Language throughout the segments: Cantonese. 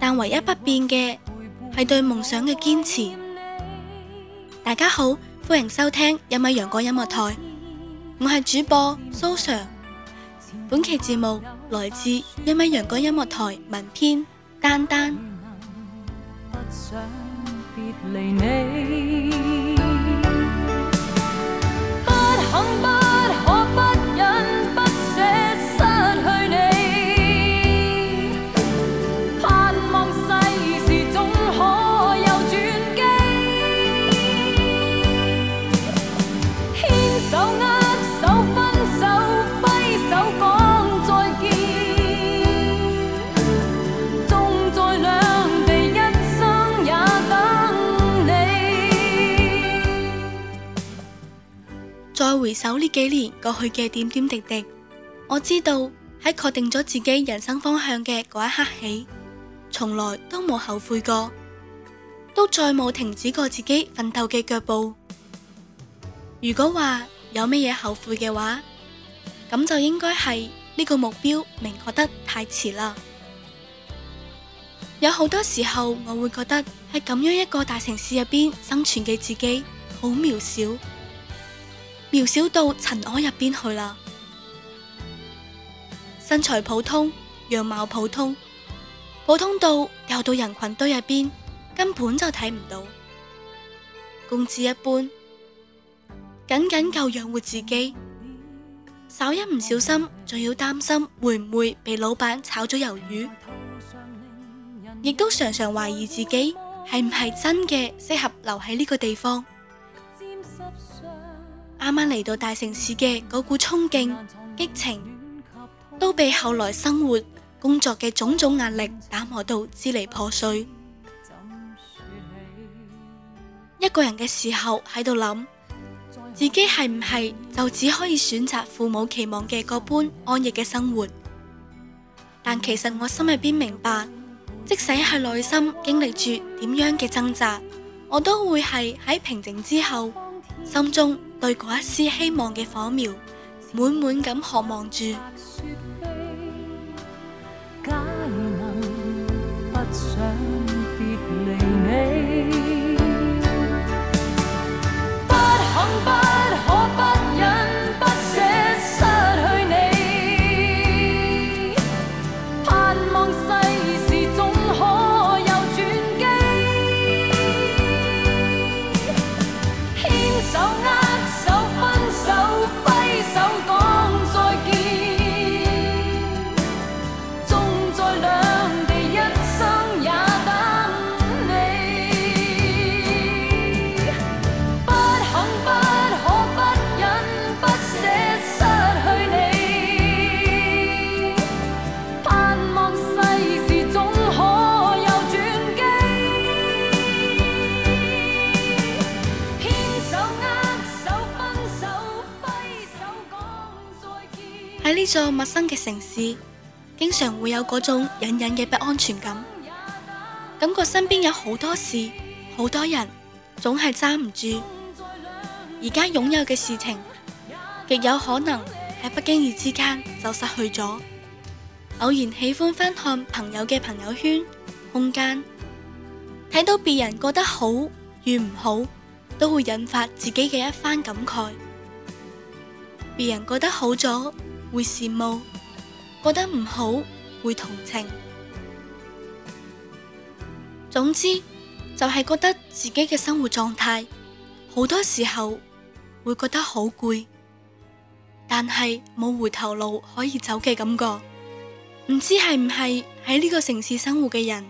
但唯一不變嘅係對夢想嘅堅持。大家好，歡迎收聽一米陽光音樂台，我係主播蘇常。本期節目來自一米陽光音樂台文篇丹丹。再回首，呢幾年過去嘅點點滴滴，我知道喺確定咗自己人生方向嘅嗰一刻起，從來都冇後悔過，都再冇停止過自己奮鬥嘅腳步。如果話有咩嘢後悔嘅話，咁就應該係呢個目標明確得太遲啦。有好多時候我會覺得喺咁樣一個大城市入邊生存嘅自己好渺小。渺小到塵埃入邊去啦，身材普通，樣貌普通，普通到掉到人群堆入邊根本就睇唔到，工資一般，僅僅夠養活自己，稍一唔小心仲要擔心會唔會被老闆炒咗魷魚，亦都常常懷疑自己係唔係真嘅適合留喺呢個地方。啱啱嚟到大城市嘅嗰股憧憬、激情，都被後來生活、工作嘅種種壓力打磨到支離破碎。一個人嘅時候喺度諗，自己係唔係就只可以選擇父母期望嘅嗰般安逸嘅生活？但其實我心入邊明白，即使係內心經歷住點樣嘅掙扎，我都會係喺平靜之後。心中對嗰一絲希望嘅火苗，滿滿咁渴望住。 喺呢座陌生嘅城市，經常會有嗰種隱隱嘅不安全感，感覺身邊有好多事，好多人，總係揸唔住。而家擁有嘅事情，極有可能喺不經意之間就失去咗。偶然喜歡翻看朋友嘅朋友圈、空間，睇到別人過得好與唔好，都會引發自己嘅一番感慨。別人過得好咗。會羨慕，覺得唔好會同情，總之就係、是、覺得自己嘅生活狀態好多時候會覺得好攰，但係冇回頭路可以走嘅感覺，唔知係唔係喺呢個城市生活嘅人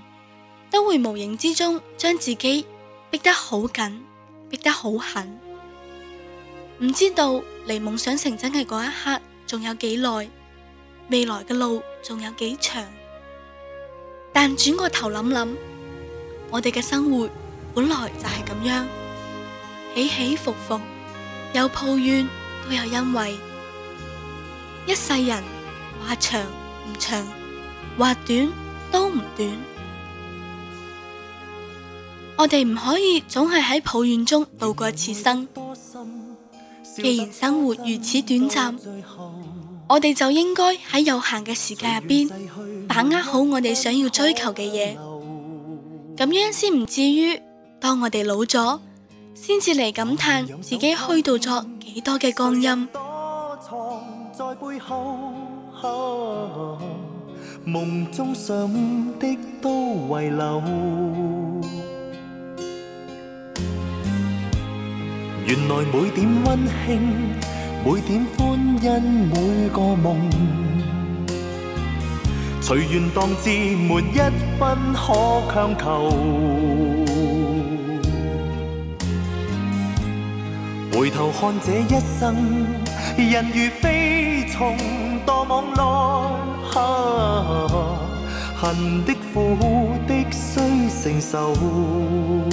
都會無形之中將自己逼得好緊，逼得好狠，唔知道離夢想成真嘅嗰一刻，仲有幾耐？未來嘅路仲有幾長？但轉個頭諗諗，我哋嘅生活本來就係咁樣，起起伏伏，有抱怨都有欣慰。一世人話長唔長，話短都唔短。我哋唔可以總係喺抱怨中度過此生。既然生活如此短暫，我哋就應該喺有限嘅時間入邊，把握好我哋想要追求嘅嘢，咁樣先唔至於當我哋老咗，先至嚟感嘆自己虛度咗幾多嘅光陰。原來每點溫馨，每點歡欣，每個夢，隨緣蕩至，沒一分可強求。回頭看這一生，人如飛蟲，墮網內，啊，恨的苦的，須承受。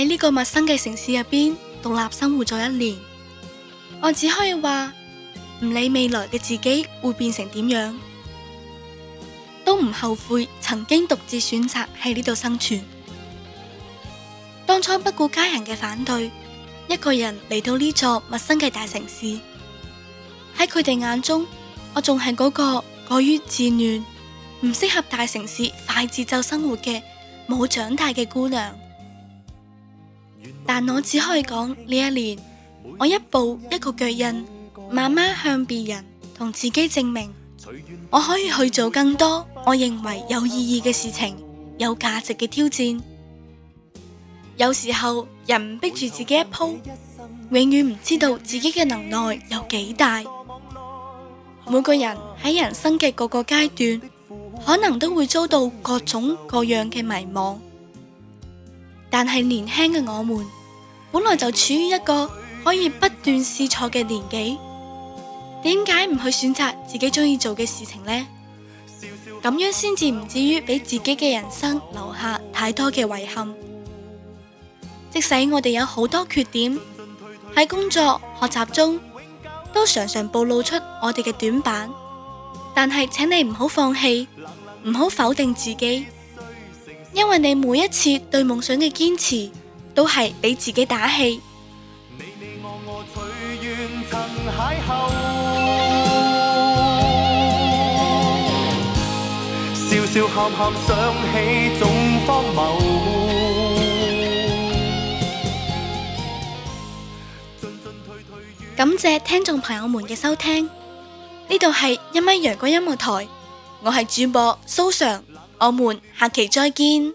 喺呢個陌生嘅城市入邊獨立生活咗一年，我只可以話唔理未來嘅自己會變成點樣，都唔後悔曾經獨自選擇喺呢度生存。當初不顧家人嘅反對，一個人嚟到呢座陌生嘅大城市，喺佢哋眼中，我仲係嗰個過於自戀、唔適合大城市快節奏生活嘅冇長大嘅姑娘。但我只可以講呢一年，我一步一個腳印，慢慢向別人同自己證明，我可以去做更多我認為有意義嘅事情，有價值嘅挑戰。有時候人唔逼住自己一鋪，永遠唔知道自己嘅能耐有幾大。每個人喺人生嘅各個階段，可能都會遭到各種各樣嘅迷茫，但係年輕嘅我們。本來就處於一個可以不斷試錯嘅年紀，點解唔去選擇自己中意做嘅事情呢？咁樣先至唔至於俾自己嘅人生留下太多嘅遺憾。即使我哋有好多缺點，喺工作、學習中都常常暴露出我哋嘅短板，但係請你唔好放棄，唔好否定自己，因為你每一次對夢想嘅堅持。都係俾自己打氣。你你我我隨緣曾邂逅，笑笑喊喊，想起總荒謬，進進退退。感謝聽眾朋友們嘅收聽，呢度係一米陽光音樂台，我係主播蘇常，我們下期再見。